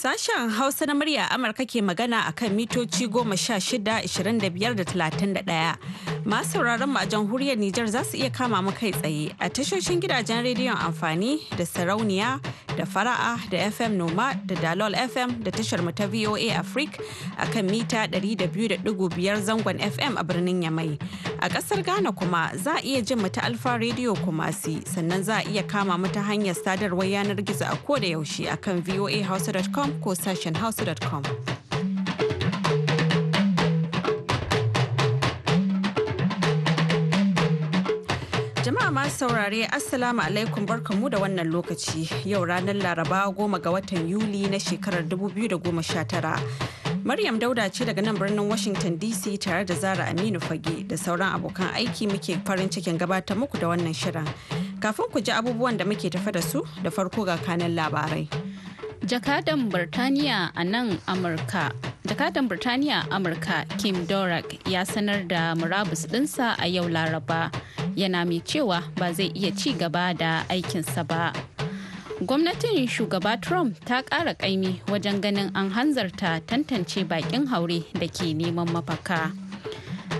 Sashen Hausa na murya Amurka ke magana a kan mitoci goma sha shida, ishirin da biyar da talatin da ɗaya. Masu sauraron a jamhuriyar Nijar za su iya kama mu kai tsaye a tashoshin gidajen rediyon amfani da sarauniya da fara'a da FM Noma da Dalol FM da tashar mu ta VOA Africa a kan mita 200.5 zangon FM a birnin Yamai. A ƙasar Ghana kuma za a iya jin mu ta Alfa Radio Kumasi sannan za a iya kama mu ta hanyar sadarwar yanar gizo a ko da yaushe a kan voahausa.com ko sashen hausa.com. Jama'a masu saurare Assalamu alaikum mu da wannan lokaci yau ranar Laraba goma ga watan Yuli na shekarar 2019. Maryam Dauda ce daga nan birnin Washington DC tare da Zara Aminu Fage da sauran abokan aiki muke farin cikin gabatar muku da wannan shirin. Kafin ku ji abubuwan da muke tafa da su da farko ga kanan labarai. jakadan birtaniya a nan amurka jakadan birtaniya amurka kim dorak ya sanar da murabus ɗinsa a yau laraba yana mai cewa ba zai iya ci gaba da aikinsa ba gwamnatin shugaba trump ta ƙara ƙaimi wajen ganin an hanzarta tantance baƙin haure da ke neman mafaka.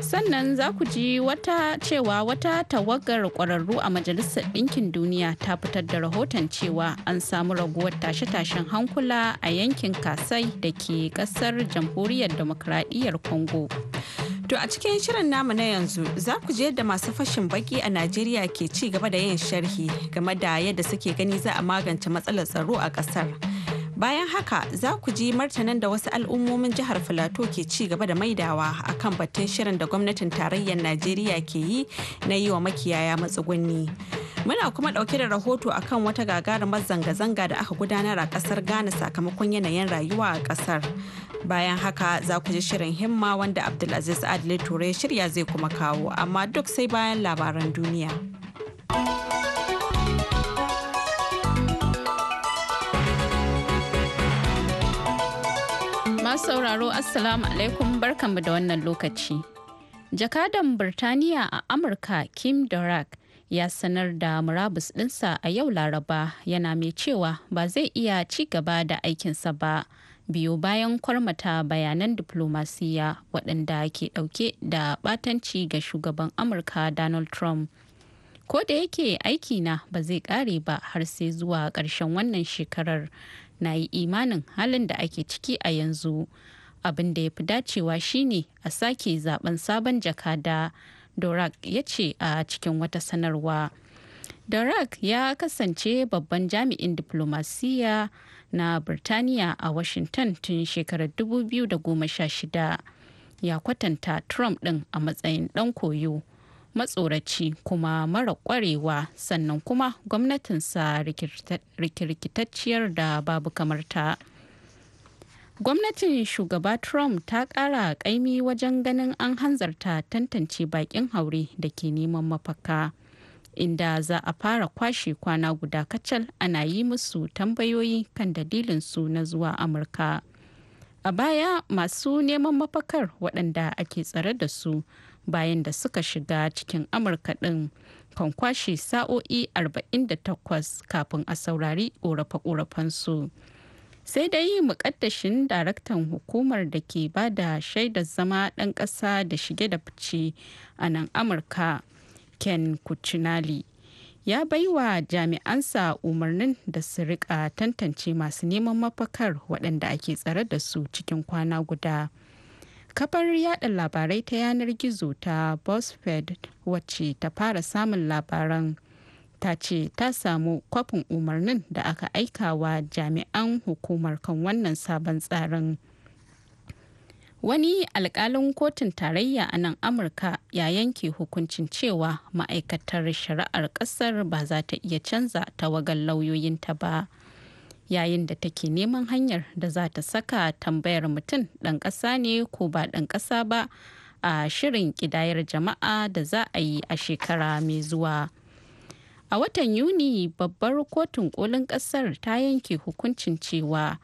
sannan za ku ji wata cewa wata tawagar kwararru a majalisar ɗinkin duniya ta fitar da rahoton cewa an samu raguwar tashe-tashen hankula a yankin kasai da ke ƙasar jamhuriyar demokradiyyar congo to a cikin shirin namu na yanzu za ku je yadda masu fashin baki a najeriya ke ci gaba da yin sharhi game da yadda suke gani za a magance matsalar tsaro a ƙasar. Bayan haka za ku ji martanin da wasu al'ummomin jihar Filato ke ci gaba da maidawa a kan batun shirin da gwamnatin tarayyar Najeriya ke yi na yi wa makiyaya matsugunni. Muna kuma ɗauke da rahoto akan wata gagarumar zanga-zanga da aka gudanar a ƙasar Ghana sakamakon yanayin rayuwa a ƙasar. Bayan haka za ku ji shirin himma wanda Abdulaziz Adile Ture shirya zai kuma kawo, amma duk sai bayan labaran duniya. sauraro Assalamu alaikum barkanmu da wannan lokaci. Jakadan Birtaniya a Amurka Kim Dorak ya sanar da murabus ɗinsa a yau Laraba yana mai cewa ba zai iya ci gaba da aikinsa ba biyu bayan kwarmata bayanan diplomasiya waɗanda ke ɗauke da ɓatanci ga shugaban Amurka Donald Trump. ko da yake aiki na ba zai kare ba har sai zuwa ƙarshen wannan shekarar na yi imanin halin da ake ciki a yanzu abin da ya fi dacewa shine a sake zaben sabon jakada dorak ya ce a cikin wata sanarwa dorak ya kasance babban jami'in diplomasiya na birtaniya a washington tun shekarar 2016 ya kwatanta trump din a matsayin dan koyo matsoraci kuma mara kwarewa sannan kuma gwamnatinsa rikirkitacciyar da babu kamar ta. Gwamnatin shugaba Trump ta ƙara ƙaimi wajen ganin an hanzarta tantance baƙin haure da ke neman mafaka. Inda za a fara kwashe kwana guda kacal ana yi musu tambayoyi kan dalilinsu na zuwa Amurka. A baya masu neman mafakar waɗanda ake tsare da su. bayan da suka shiga cikin amurka din kan kwashe sa'o'i 48 kafin a saurari ƙorafe su sai dai mukaddashin daraktan hukumar da ke ba da shaidar zama ɗan ƙasa da shige da fice a nan amurka ken kucinali ya bai baiwa jami'ansa umarnin da su rika tantance masu neman mafakar waɗanda ake tsare da su cikin kwana guda kafar yada labarai ta yanar gizo ta buzzfeed wacce ta fara samun labaran ta ce ta samu kwafin umarnin da aka aika wa jami'an hukumar kan wannan sabon tsarin wani alkalin kotun tarayya a nan amurka ya yanke hukuncin cewa ma'aikatar shari'ar kasar ba za ta iya canza tawagan lauyoyinta ba yayin da take neman hanyar da za ta saka tambayar mutum ɗan ƙasa ne ko ba ɗan ƙasa ba a shirin ƙidayar jama'a da za a yi a shekara mai zuwa. A watan Yuni babbar kotun kolin ƙasar ta yanke hukuncin cewa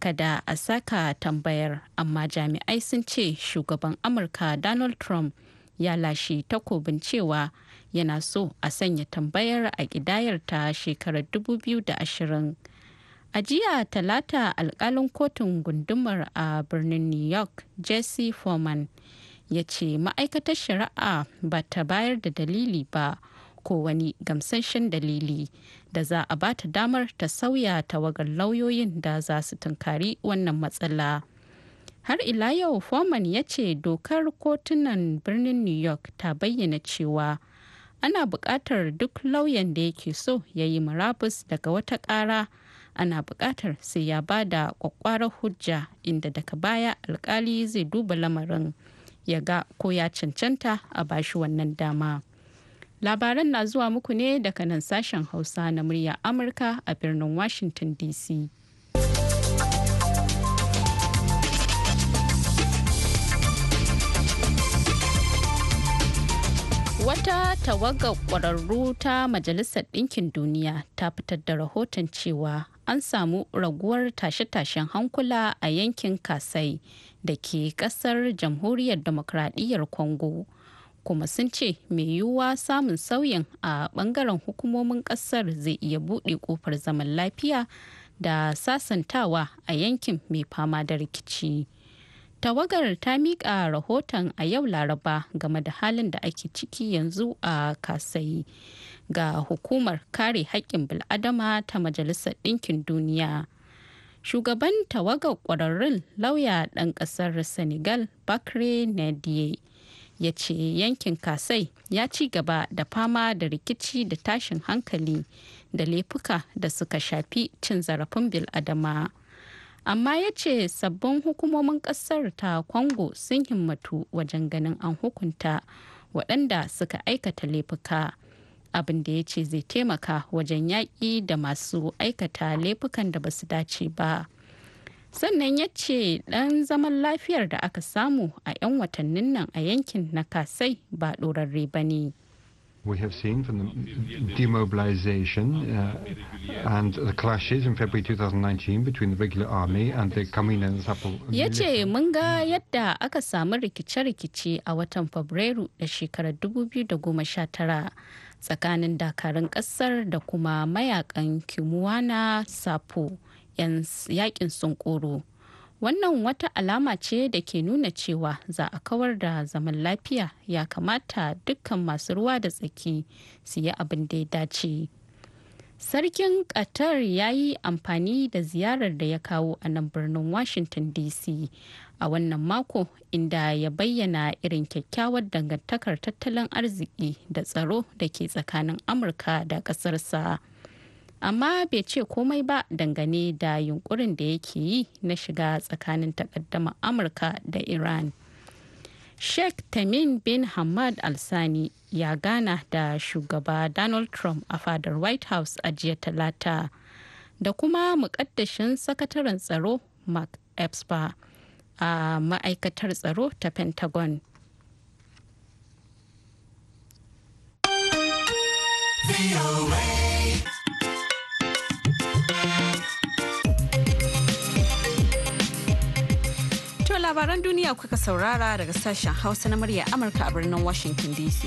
kada a saka tambayar amma jami'ai sun ce shugaban Amurka Donald Trump ya lashe takobin cewa yana so a sanya tambayar a ƙidayar ta shekarar 2020. A jiya Talata alkalin kotun gundumar a birnin New York, Jesse Foreman, ya ce ma'aikatar shari'a ba ta bayar da dalili ba ko wani gamsasshen dalili da za a ba ta damar ta sauya tawagar lauyoyin da za su tunkari wannan matsala. Har ila yau Foreman ya ce dokar kotunan birnin New York ta bayyana cewa ana buƙatar duk lauyan da yake so ya yi murabus daga wata ƙara. ana bukatar sai ya ba da kwakwarar hujja inda daga baya alkali zai duba lamarin ya ga ko ya cancanta a bashi wannan dama labaran na zuwa muku ne daga nan sashen hausa na murya amurka a birnin washington dc Wata tawagar ƙwararru ta Majalisar Ɗinkin Duniya ta fitar da rahoton cewa an samu raguwar tashe-tashen hankula a yankin kasai da ke kasar jamhuriyar demokradiyyar congo kuma sun ce mai yiwuwa samun sauyin a bangaren hukumomin kasar zai iya buɗe kofar zaman lafiya da sasantawa a yankin mai fama da rikici. tawagar ta miƙa rahoton a yau laraba game da halin da ake ciki yanzu a kasai ga hukumar kare haƙƙin bil'adama ta majalisar ɗinkin duniya shugaban tawagar ƙwararrun lauya ɗan ƙasar senegal bakre nadie ya ce yankin kasai ya ci gaba da fama da rikici da tashin hankali da laifuka da suka shafi cin zarafin bil'adama amma ya ce sabbin hukumomin ƙasar ta kwango sun himmatu wajen ganin an hukunta waɗanda suka aikata laifuka abin da ya ce zai taimaka wajen yaƙi da masu aikata laifukan da basu dace ba sannan ya ce ɗan zaman lafiyar da aka samu a 'yan watannin nan a yankin na kasai ba ɗorarre ba ne. we have seen from the demobilization uh, and the clashes in February 2019 between the regular army and the Kamina and Ya ce mun ga yadda aka samu rikice-rikice a watan Fabrairu da shekarar 2019 tsakanin dakarun kasar da kuma mayakan kimuwana sapo yakin koro wannan wata alama ce da ke nuna cewa za a kawar da zaman lafiya ya kamata dukkan masu ruwa da tsaki su yi abin da ya dace sarkin qatar ya yi amfani da ziyarar da ya kawo a nan birnin washington dc a wannan mako inda ya bayyana irin kyakkyawar dangantakar tattalin arziki da tsaro da ke tsakanin amurka da ƙasarsa amma bai ce komai ba dangane da yunkurin da yake yi na shiga tsakanin takaddama amurka da iran sheikh tamim bin hamad alsani ya gana da shugaba donald trump a fadar white house a jiya talata da kuma mukaddashin sakataren tsaro mark Epsper. a ma'aikatar tsaro ta pentagon to labaran duniya kuka saurara daga sashen hausa na murya amurka a birnin washington dc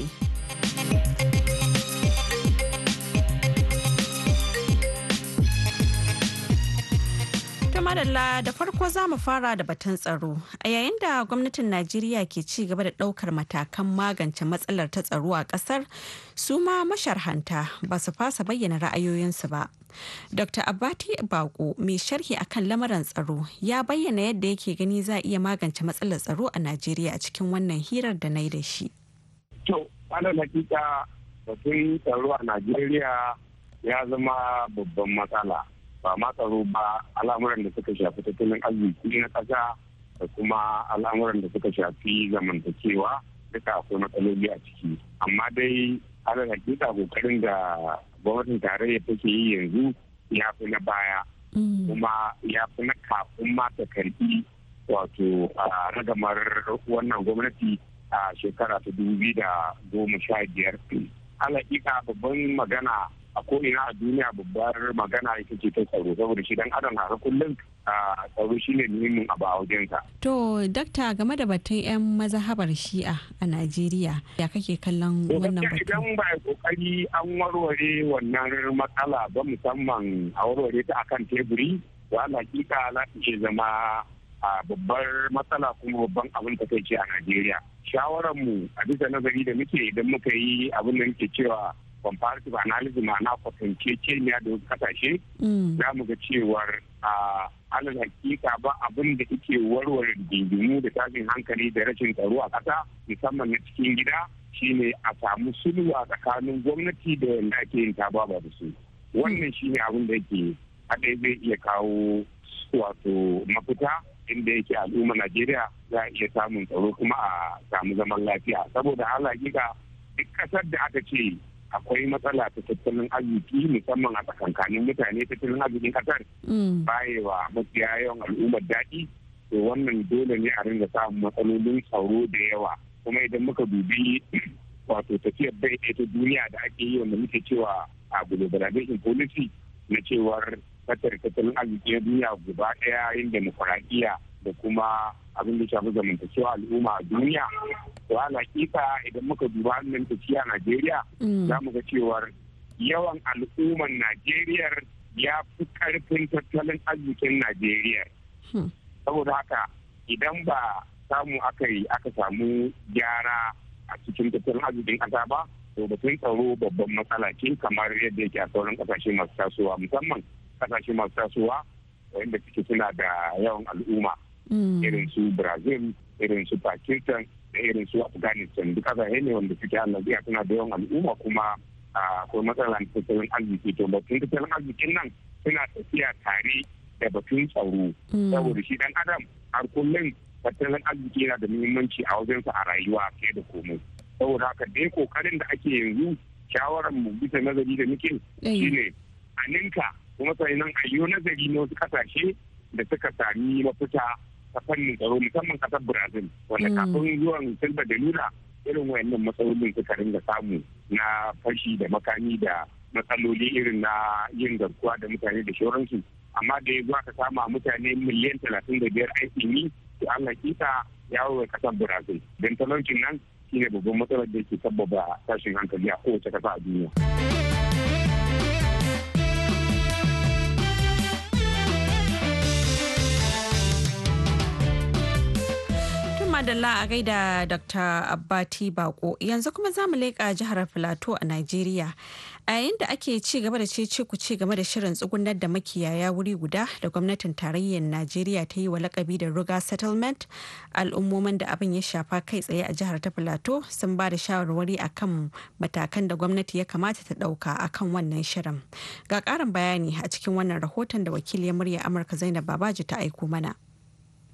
To madalla da farko za mu fara da batun tsaro. A yayin da gwamnatin Najeriya ke ci gaba da ɗaukar matakan magance matsalar ta tsaro a kasar su ma masharhanta ba su fasa bayyana ra'ayoyinsu ba. Dr. Abati Bako mai sharhi akan lamarin tsaro ya bayyana yadda yake gani za a iya magance matsalar tsaro a Najeriya a cikin wannan hirar da na yi da shi. tsaro a Najeriya ya zama babban matsala. ba ma tsaro ba al'amuran da suka shafi tattalin arziki na ƙasa da kuma al'amuran da suka shafi zamantakewa duka akwai matsaloli a ciki amma dai ana hakika kokarin da gwamnatin tarayya take yi yanzu ya fi na baya mm. kuma ya fi na kafin ma ta karbi wato ragamar wannan gwamnati a shekara ta dubu da goma sha biyar alaƙiƙa babban magana a ko ina a duniya babbar magana ita ce ta tsaro saboda shi dan adam haka kullum a tsaro shi ne muhimmin abu a wajensa. to dakta game da batun 'yan mazahabar shi'a a najeriya ya kake kallon wannan batun idan ba kokari an warware wannan matsala ba musamman a warware ta akan teburi wala kika za ta ce zama a babbar matsala kuma babban abin ta kai ce a Najeriya. mu a bisa nazari da muke idan muka yi abin da muke cewa comparative analysis ma'ana kwatanceceniya da wasu kasashe mm. za mu ga cewar a alal hakika ba abin da ke warware dindimu da tashin hankali da rashin tsaro a ƙasa musamman na cikin gida shine a samu sulwa tsakanin gwamnati da wanda ake yin tababa da su wannan shine abin da yake haɗe zai iya kawo wato mafita inda yake al'umma najeriya za a iya samun tsaro kuma a samu zaman lafiya saboda alal hakika duk ƙasar da aka ce akwai matsala ta tattalin arziki musamman a tsakankanin mutane tattalin arzikin kasar mm. bayewa mafiya yawan al'ummar daɗi to wannan dole ne a ringa samun matsalolin tsaro da yawa kuma idan muka dubi wato tafiyar bai ɗaya ta duniya da ake yi wanda muke cewa a globalization policy na cewar tattalin tattalin arziki na duniya gaba ɗaya yin demokuraɗiyya da kuma abin da shafi zamantakewa al'umma a duniya to hakika idan muka duba hannun tafiya najeriya mm. za mu ga cewar yawan al'umman najeriya ya fi karfin tattalin arzikin najeriya hmm. saboda haka idan ba samu aka yi aka samu gyara a cikin tattalin arzikin ƙasa ba to batun tsaro babban matsala ce kamar yadda yake a sauran ƙasashe masu tasowa musamman ƙasashe masu tasowa wanda suke suna da yawan al'umma Mm. irin su brazil irin su pakistan da irin su afghanistan duk kasashe ne wanda suke annabiya suna da yawan al'umma kuma akwai matsalar tattalin arziki to batun tattalin arzikin nan suna tafiya tare da batun tsaro mm. saboda shi dan adam har kullum tattalin arziki yana da muhimmanci a sa a rayuwa fiye da komai saboda haka dai kokarin da ake yanzu shawarar mu bisa nazari da muke eh. shine a ninka kuma sai nan ayyo nazari na wasu kasashe da suka sami mafita ta fannin tsaro musamman kasar brazil wanda mm. kafin zuwan silba da luna irin wayannan matsalolin suka ringa samu na fashi da makami da matsaloli irin na yin garkuwa da mutane da shauransu amma da ya zuwa ka sama mutane miliyan talatin da biyar aikin yi to an hakika yawo kasar brazil don talaucin nan shine babban matsalar da ke sababa tashin hankali a kowace kasa a duniya. madalla a gaida Dr. Abbati Bako yanzu kuma za mu leƙa jihar Filato a Najeriya. A yayin da ake ci gaba da cece ku ci gaba da shirin tsugunar da makiyaya wuri guda da gwamnatin tarayyar Najeriya ta yi wa lakabi da Ruga Settlement, al'ummomin da abin ya shafa kai tsaye a jihar ta Filato sun ba da shawarwari akan matakan da gwamnati ya kamata ta ɗauka akan wannan shirin. Ga ƙarin bayani a cikin wannan rahoton da wakiliyar murya Amurka Zainab Babaji ta aiko mana.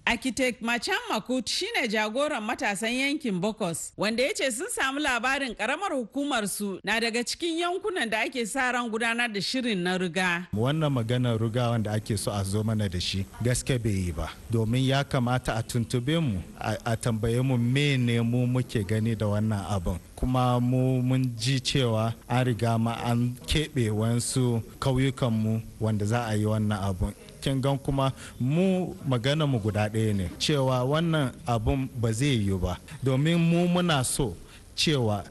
Architect Macham Makut shine jagoran matasan yankin Bokos wanda ya ce sun samu labarin karamar hukumar su na daga cikin yankunan da ake sa ran gudanar da shirin na ruga. Wannan maganar ruga wanda ake so a zo mana da shi gaske bai yi ba domin ya kamata a tuntube mu a tambaye mu mene mu muke gani da wannan abin kuma mu mun ji cewa an riga ma an keɓe wasu kauyukanmu wanda za a yi wannan abin kin gan kuma mu magana mu guda ɗaya ne cewa wannan abun ba zai yiwu ba domin mu muna so cewa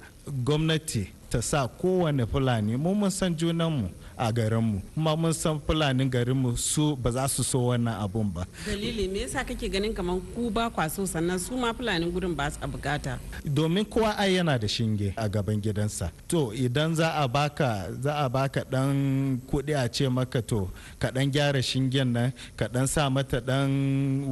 gwamnati ta sa kowane fulani mu mun san junanmu a garinmu kuma mun san fulanin garinmu su ba za su so wannan abun ba dalili me yasa kake ganin kamar ku ba kwaso sannan su ma fulanin gurin ba su bukata domin kowa ai yana da shinge a gaban gidansa to idan za a baka za a baka dan kudi a ce maka to ka dan gyara shingen nan ka dan sa mata dan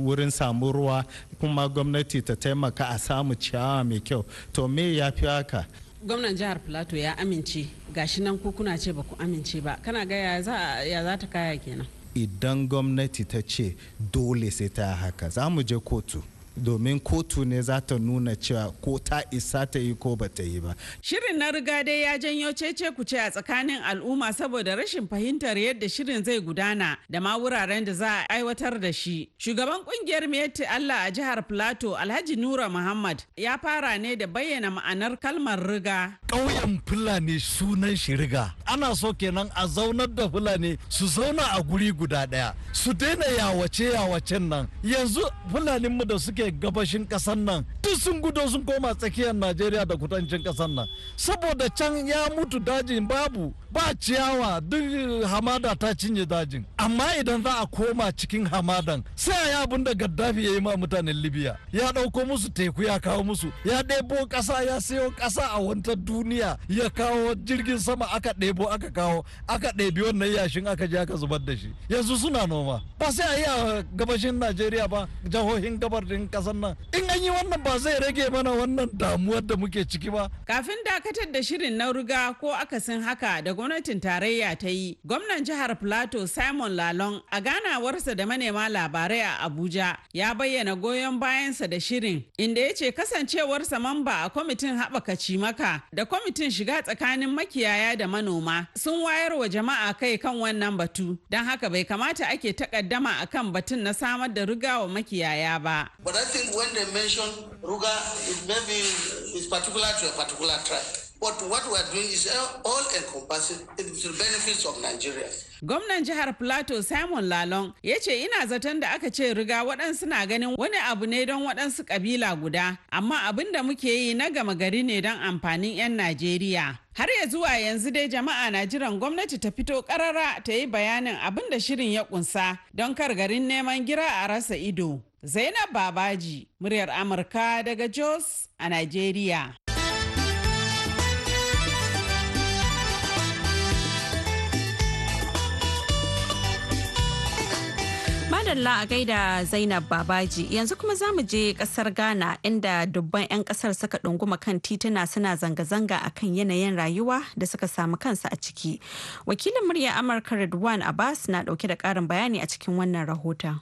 wurin samu ruwa kuma gwamnati ta taimaka a samu ciyawa mai kyau to me ya fi haka gwamnan jihar plateau ya amince gashi nan ko kuna ce ba ku amince ba kana ga ya za ta kaya kenan idan gwamnati ta ce dole sai ta haka za mu je kotu domin kotu ne za ta nuna cewa ko ta isa ta yi ko ba ta yi ba. Shirin na riga dai ya janyo cece ku ce a tsakanin al'umma saboda rashin fahimtar yadda shirin zai gudana da ma wuraren da za a aiwatar da shi. Shugaban kungiyar Meti Allah a jihar Plateau Alhaji Nura Muhammad ya fara ne da bayyana ma'anar kalmar riga. Ƙauyen Fulani sunan shi riga. Ana so kenan a zaunar da Fulani su zauna a guri guda ɗaya. Su daina yawace yawacen nan. Yanzu mu da suke suke gabashin kasan nan duk sun gudo sun koma tsakiyar najeriya da kudancin kasan nan saboda can ya mutu dajin babu ba ciyawa duk hamada ta cinye dajin amma idan za a koma cikin hamadan sai a yi abin da gaddafi ya yi ma mutanen libya ya ɗauko musu teku ya kawo musu ya ɗebo ƙasa ya sayo ƙasa a wata duniya ya kawo jirgin sama aka ɗebo aka kawo aka ɗebi wannan yashin aka je aka zubar da shi yanzu suna noma ba sai a yi a gabashin najeriya ba jihohin gabar din ƙasar nan in an yi wannan ba zai rage mana wannan damuwar da muke ciki ba kafin dakatar da shirin na ruga ko akasin haka da gwamnatin tarayya ta yi gwamnan jihar plato simon lalong a ganawarsa da manema labarai a abuja ya bayyana goyon bayansa da shirin inda ya ce kasancewarsa mamba a kwamitin haɓaka cimaka da kwamitin shiga tsakanin makiyaya da manoma sun wayar wa jama'a kai kan wannan batu don haka bai kamata ake takaddama akan batun na samar da rugawa makiyaya ba. I think when they mention Ruga, it maybe is particular to a particular tribe. But what we are doing is uh, all encompassing to the benefits of Nigeria. Gwamnan jihar Plateau Simon Lalong ya ce ina zaton da aka ce riga waɗansu na ganin wani abu ne don waɗansu ƙabila guda, amma abin da muke yi na gama gari ne don amfanin 'yan Najeriya. Har ya zuwa yanzu dai jama'a na jiran gwamnati ta fito ƙarara ta yi bayanin abin da shirin ya ƙunsa don kar garin neman gira a rasa ido. Zainab Babaji, muryar Amurka daga Jos a Najeriya. Madalla a gaida Zainab Babaji yanzu kuma za mu je kasar Ghana inda dubban 'yan kasar suka ɗunguma kan tituna suna zanga-zanga a kan yanayin rayuwa da suka samu kansa a ciki. Wakilin murya Amurka Redwan Abbas na ɗauke da ƙarin bayani a cikin wannan rahoton.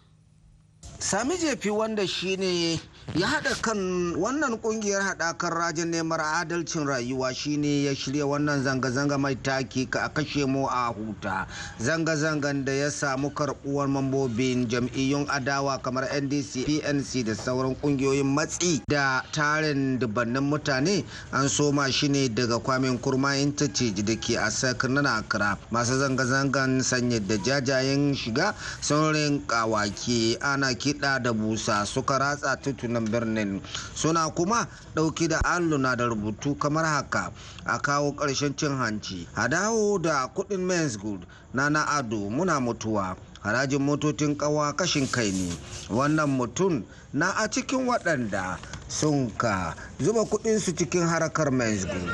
sami jefi wanda shine ya haɗa kan wannan ƙungiyar haɗakar rajin neman adalcin rayuwa shine ya shirya wannan zanga-zanga mai taki ka a kashe mu a huta zanga-zangan da ya samu karɓuwar mambobin jam'iyyun adawa kamar ndc pnc da sauran ƙungiyoyin matsi da tarin dubannin mutane an soma shi ne daga kwamin kurma interchange da ke a na accra masu zanga-zangan sanya da jajayen shiga sun rinka wake ana kiɗa da busa suka ratsa tutuna wannan birnin suna kuma ɗauki da alluna da rubutu kamar haka a kawo ƙarshen cin hanci a dawo da kuɗin men's good na na ado muna mutuwa harajin motocin kawa kashin kai ne wannan mutum na a cikin waɗanda sun ka zuba su cikin harakar men's gold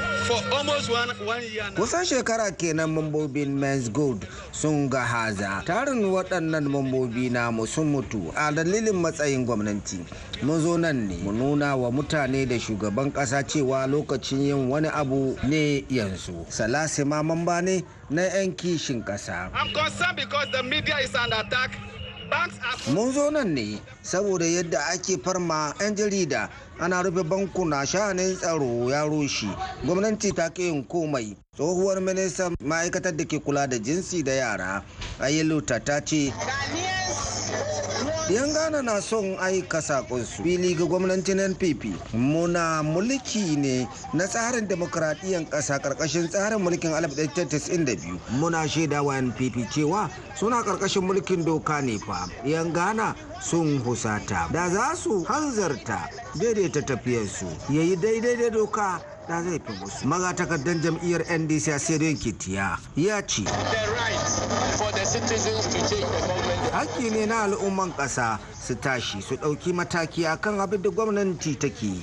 kusan shekara kenan mambobin men's gold sun ga haza tarin waɗannan mambobi na sun mutu a dalilin matsayin gwamnati mun zo nan ne mu nuna wa mutane da shugaban ƙasa cewa lokacin yin wani abu ne yanzu Salasima mamba ne na 'yan kishin ƙasa I'm concerned because the media is under attack Mun zo nan ne saboda yadda ake farma 'yan jarida ana rufe bankuna sha'anin tsaro ya rushe gwamnati ta ke yin komai tsohuwar ministan ma'aikatar da ke kula da jinsi da yara ayyuluta ta ce yan ghana na son aika sakonsu fili ga gwamnatin npp muna mulki ne na tsarin demokradiyyar kasa karkashin tsarin mulkin 1992 muna shaida wa npp cewa suna karkashin mulkin doka ne fa yan ghana sun husata da za su hanzarta daidaita tafiyarsu yayi daidai da doka da laifin wasu magatakardar jam'iyyar ndc a siriyan kitiya ya ce haƙƙi ne na al'umman ƙasa su tashi su ɗauki mataki akan abin da gwamnati take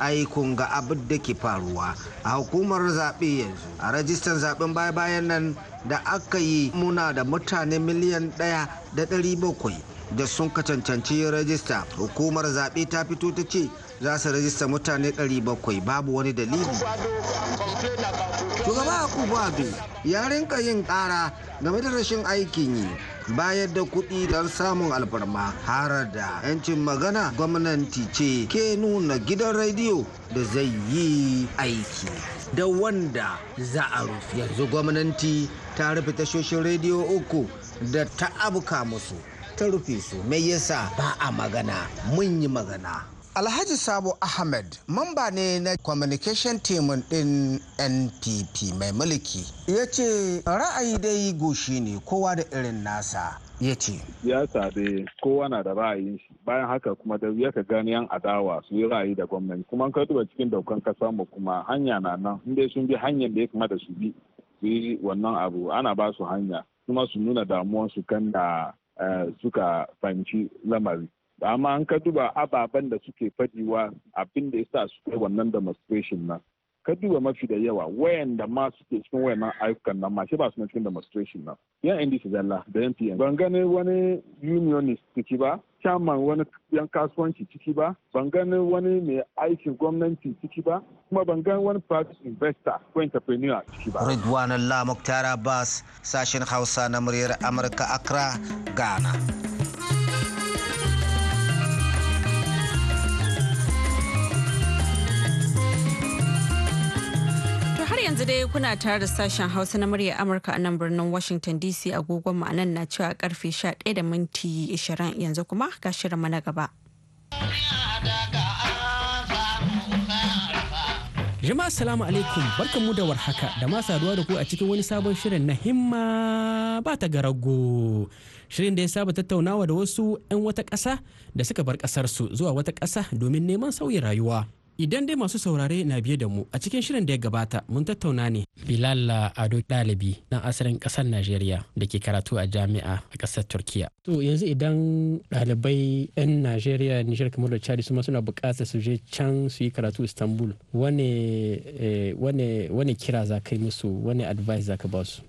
aikun ga abin da ke faruwa a hukumar zaɓe yanzu a rajistan zaɓen baya-bayan nan da aka yi muna da mutane miliyan ɗaya da ɗari bakwai da sun ka cancanci rajista hukumar zaɓe ta fito ta ce za su rajista mutane 700 babu wani dalili shugaba abin ya rinka yin ƙara game da rashin aikin yi bayar da kuɗi don samun alfarma har da 'yancin magana gwamnati ce ke nuna gidan rediyo da zai yi aiki da wanda za a rufe yanzu gwamnati ta rufe tashoshin rediyo uku da ta abuka musu ta rufe su mai yasa ba a magana mun yi magana alhaji sabo ahmed mamba ne na communication team din npp mai mulki ya ce ra'ayi dai goshi ne kowa da irin nasa ya ce siyasa dai kowa na da ra'ayi bayan haka kuma da ya ka gani yan adawa su yi ra'ayi da gwamnati kuma ka duba cikin daukan kasa mu kuma hanya na nan inda sun bi hanyar da ya kuma da su bi su yi wannan abu ana ba su hanya kuma su nuna su kan da eh, suka fanci lamari amma an ka duba ababen da suke fadiwa abin da yasa su kai wannan demonstration na ka duba mafi da yawa wayanda ma suke cikin wayannan ayyukan nan ma ba su cikin demonstration na yan su zalla da yan pm ban gani wani unionist ciki ba chairman wani yan kasuwanci ciki ba ban gani wani mai aikin gwamnati ciki ba kuma ban gani wani private investor ko entrepreneur ciki ba Ridwan Allah Muktar Abbas sashin Hausa na muryar Amurka Accra Ghana yanzu dai kuna tare da sashen Hausa na murya Amurka a nan birnin Washington DC agogon mu nan na cewa karfe 11 da minti 20 yanzu kuma ga shirinmu na gaba. Jama'a salamu alaikum barkanmu da warhaka da ma saduwa da ku a cikin wani sabon shirin na himma ba ta garago. Shirin da ya saba tattaunawa da wasu 'yan wata ƙasa da suka bar ƙasarsu zuwa wata ƙasa domin neman sauyin rayuwa. idan dai masu saurare na biye da mu a cikin shirin da ya gabata mun tattauna ne bilal ado dalibi dan asalin kasar najeriya da ke karatu a jami'a a kasar turkiya to yanzu idan dalibai 'yan najeriya nijar kamar da chad suma suna bukatar su je can su yi karatu istanbul eh, wane kira za ka yi musu wane advice za ka ba su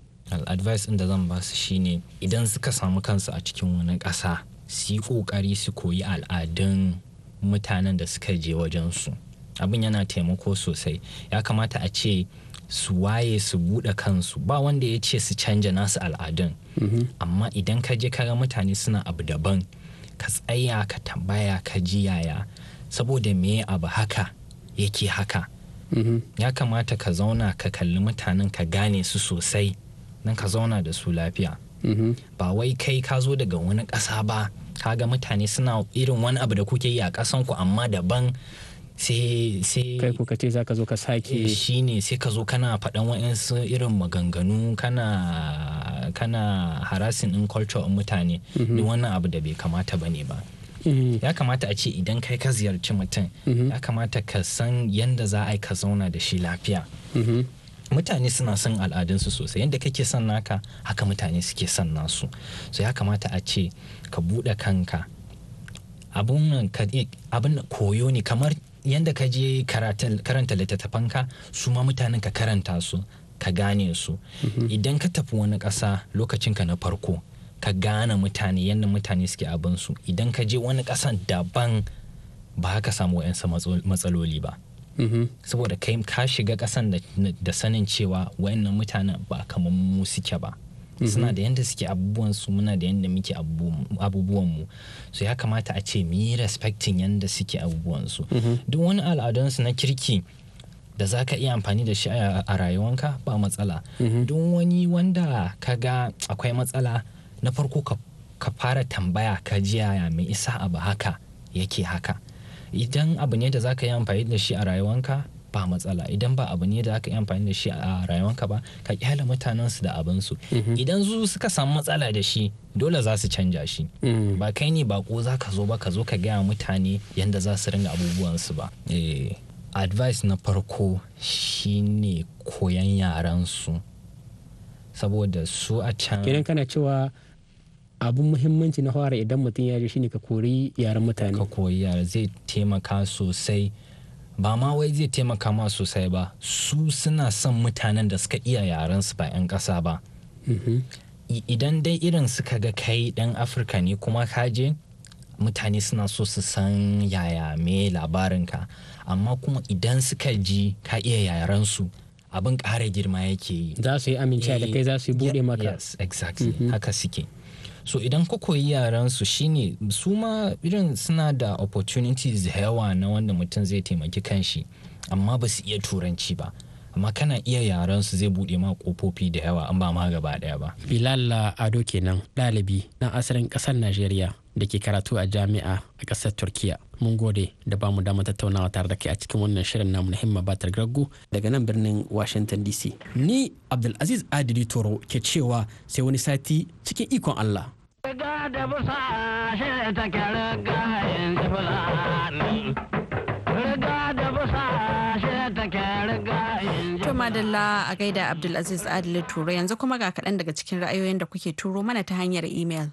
advice da zan ba su shine idan suka samu kansu a cikin wani ƙasa su yi ƙoƙari su koyi al'adun mutanen da suka je wajen su abin yana taimako sosai ya kamata a ce su waye su bude kansu ba wanda ya ce su canja nasu al'adun mm-hmm. amma idan ka je kara mutane suna abu daban ka tsaya ka tambaya ka ji yaya saboda me abu haka yake haka mm-hmm. ya kamata ka zauna ka kalli mutanen ka gane su sosai don ka zauna da su lafiya mm-hmm. ba wai kai ka zo daga wani ƙasa ba kaga mutane suna irin wani abu da kuke yi a ƙasanku amma daban sai sai kai kuka za zaka zo ka sake eh, ne sai ka zo kana faɗan wa'ansu irin maganganu kana kana harasin in culture in mutane ni mhm. wannan abu da bai kamata bane ba eh. ya kamata a ce idan kai ka ziyarci mutum mhm. ya kamata ka san yanda za a yi ka zauna da shi lafiya mhm. mutane suna son al'adunsu sosai yadda kake son naka haka mutane suke son nasu so ya kamata a ce ka buɗe kanka abin koyo ne kamar Yanda ka je karanta littattafanka su ma mutanen ka karanta su ka gane su mhm. idan ka tafi wani ƙasa ka na farko ka gane mutane yadda mutane suke abinsu idan ka je wani ƙasan daban ba ka samu wa'yansa matsaloli ba mhm. saboda ka shiga ƙasan da sanin cewa wayannan mutanen ba kamar mu suke ba suna mhm. da yadda suke abubuwan su muna da yadda muke abubuwan mu so ya kamata a ce mi respecting yadda suke abubuwan su mhm. duk wani al'adunsu na kirki da za ka iya amfani da shi a rayuwanka ba matsala mhm. duk wani wanda ka ga akwai matsala na farko ka fara tambaya ka ji mai isa abu haka yake haka idan abu ne da za ka yi amfani da shi a rayuwanka ba matsala idan ba abu ne da aka yi amfani da shi a rayuwanka ba ka kyale mutanen su da abin su mhm. idan su suka samu matsala da shi dole za su canja shi mhm. ba kai ne ko za ka zo ba ka zo ka gaya mutane yadda za su ringa abubuwan su ba eh, advice na farko shine koyan yaran su saboda su a can idan kana cewa abun muhimmanci na fara idan mutum ya je shine ka kori yaran mutane ka koyi yara zai taimaka sosai ba ma wai zai taimaka ma sosai ba su suna son mutanen da suka iya yaren su ba 'yan ƙasa ba mm-hmm. idan dai irin suka ga kai ɗan afirka ne kuma kaje mutane suna so su san yaya me labarinka amma kuma idan suka ji ka iya yaren su abin ƙara girma yake yi za su yi amince da kai za su yi buɗe maka yes exactly mm-hmm. haka suke so idan ka koyi yaran su shine su ma irin suna da opportunities da yawa na wanda mutum zai taimaki kanshi amma ba su iya turanci ba amma kana iya yaran su zai bude ma kofofi da yawa an ba ma gaba daya ba bilal ado kenan ɗalibi na asalin ƙasar najeriya da ke karatu a jami'a a ƙasar turkiya mun gode da bamu damar tattaunawa tare da kai a cikin wannan shirin na himma batar gargu daga nan birnin washington dc ni abdulaziz adili toro ke cewa sai wani sati cikin ikon allah Riga da To madalla a gaida Abdulaziz Adili Turo yanzu kuma ga kaɗan daga cikin ra'ayoyin da kuke turo mana ta hanyar imel.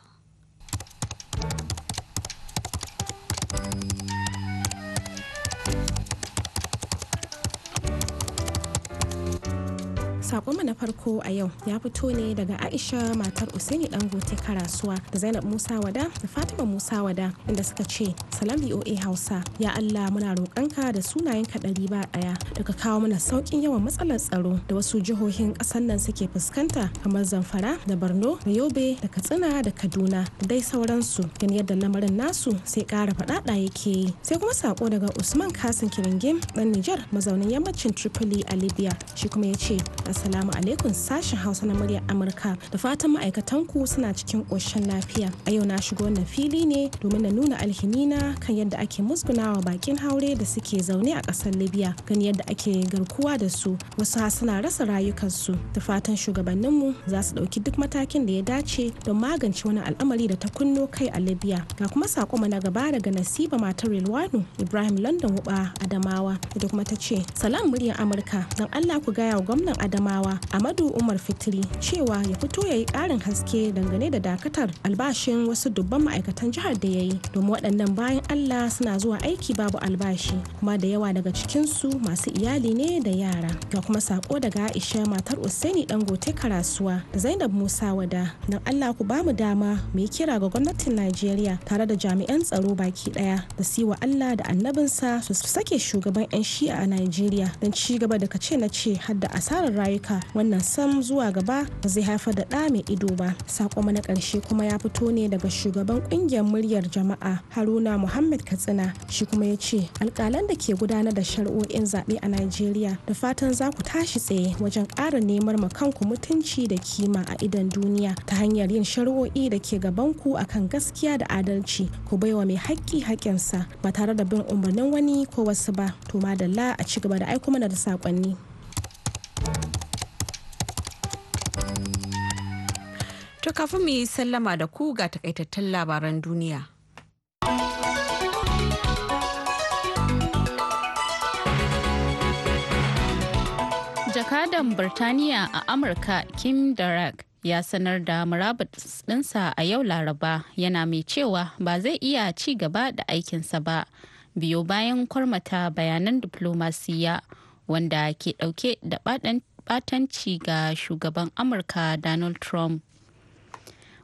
mu na farko a yau ya fito ne daga Aisha matar Usaini Dangote Karasuwa da Zainab Musa Wada da Fatima Musa Wada inda suka ce salam BOA Hausa ya Allah muna roƙonka da sunayen ka ɗari ba ɗaya daga kawo mana saukin yawan matsalar tsaro da wasu jihohin ƙasar nan suke fuskanta kamar Zamfara da Borno da Yobe da Katsina da Kaduna da dai sauransu gan yadda lamarin nasu sai ƙara faɗaɗa yake yi sai kuma sako daga Usman Kasin Kiringim ɗan Nijar mazaunin yammacin Tripoli a Libya shi kuma ya ce Assalamu alaikum sashen Hausa na muryar Amurka da fatan ma'aikatan ku suna cikin ƙoshin lafiya. A yau na shigo wannan fili ne domin na nuna alhinina kan yadda ake musgunawa bakin haure da suke zaune a ƙasar Libya kan yadda ake garkuwa da su wasu suna rasa rayukansu da fatan shugabanninmu za su ɗauki duk matakin da ya dace don magance wani al'amari da ta kunno kai a Libya. Ga kuma sako na gaba daga Nasiba matar Rilwanu Ibrahim London Wuba Adamawa da kuma ta ce salam muryar Amurka don Allah ku gaya wa gwamnan Adamawa adamawa amadu umar fitri cewa ya fito ya yi karin haske dangane da dakatar albashin wasu dubban ma'aikatan jihar da ya yi domin waɗannan bayan allah suna zuwa aiki babu albashi kuma da yawa daga cikinsu masu iyali ne da yara ga kuma sako daga aisha matar usaini dangote karasuwa zainab musa wada don allah ku bamu dama mu yi kira ga gwamnatin najeriya tare da jami'an tsaro baki daya da siwa allah da annabinsa su sake shugaban 'yan shi'a a najeriya don ci gaba da kace na ce har da asarar rayuka amurka wannan sam zuwa gaba ba zai haifar da ɗa mai ido ba sako na ƙarshe kuma ya fito ne daga shugaban ƙungiyar muryar jama'a haruna muhammad katsina shi kuma ya ce alƙalan da ke gudanar da shari'o'in zaɓe a najeriya da fatan za ku tashi tsaye wajen ƙara neman makanku mutunci da kima a idan duniya ta hanyar yin shari'o'i da ke gaban ku akan gaskiya da adalci ku baiwa mai haƙƙi haƙƙinsa ba tare da bin umarnin wani ko wasu ba to madalla a ci gaba da aiko mana da saƙonni. To kafin mu yi sallama da ku ga takaitattun labaran duniya. Jakadan Birtaniya a Amurka Kim Darak ya sanar da murabus ɗinsa a yau Laraba yana mai cewa ba zai iya ci gaba da aikinsa ba biyo bayan kwarmata bayanan diplomasiya wanda ke ɗauke da ɓatanci ga shugaban Amurka Donald Trump.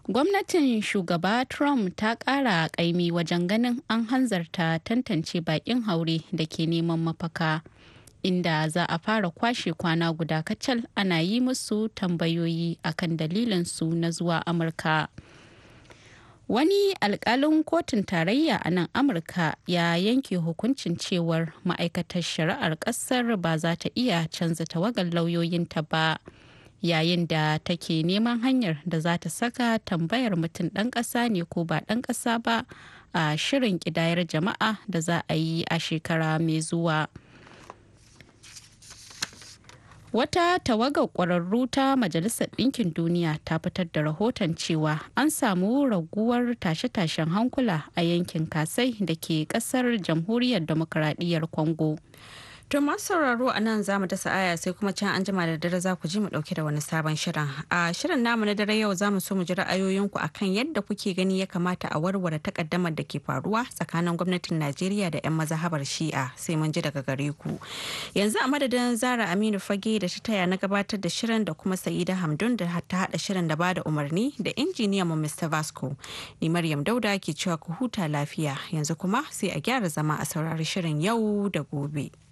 Gwamnatin shugaba Trump ta ƙara ƙaimi wajen ganin an hanzarta tantance baƙin haure da ke neman mafaka. Inda za a fara kwashe kwana guda kacal ana yi musu tambayoyi akan dalilinsu na zuwa Amurka. Wani alkalin kotun tarayya a nan Amurka ya yanke hukuncin cewar ma'aikatar shari'ar kasar ba za ta iya canza tawagar lauyoyinta ba. yayin da take neman hanyar da za ta saka tambayar mutum ɗan ƙasa ne ko ba ɗan ƙasa ba a shirin ƙidayar jama'a da za a yi a shekara mai zuwa. Wata tawagar ƙwararru ta Majalisar Ɗinkin Duniya ta fitar da rahoton cewa an samu raguwar tashe-tashen hankula a yankin Kasai da ke ƙasar Jamhuriyar demokradiyyar Congo. To masu sauraro a nan za mu dasa aya sai kuma can an jima da dare za ku ji mu dauke da wani sabon shirin. A shirin namu na dare yau za mu so mu ji ra'ayoyinku a kan yadda kuke gani ya kamata a warware takaddamar da ke faruwa tsakanin gwamnatin Najeriya da 'yan mazahabar Shi'a sai mun ji daga gare ku. Yanzu a madadin Zara Aminu Fage da ta taya na gabatar da shirin da kuma Sa'ida Hamdun da ta hada shirin da bada umarni da injiniya mu Mr. Vasco. Ni Maryam Dauda ke cewa ku huta lafiya yanzu kuma sai a gyara zama a saurari shirin yau da gobe.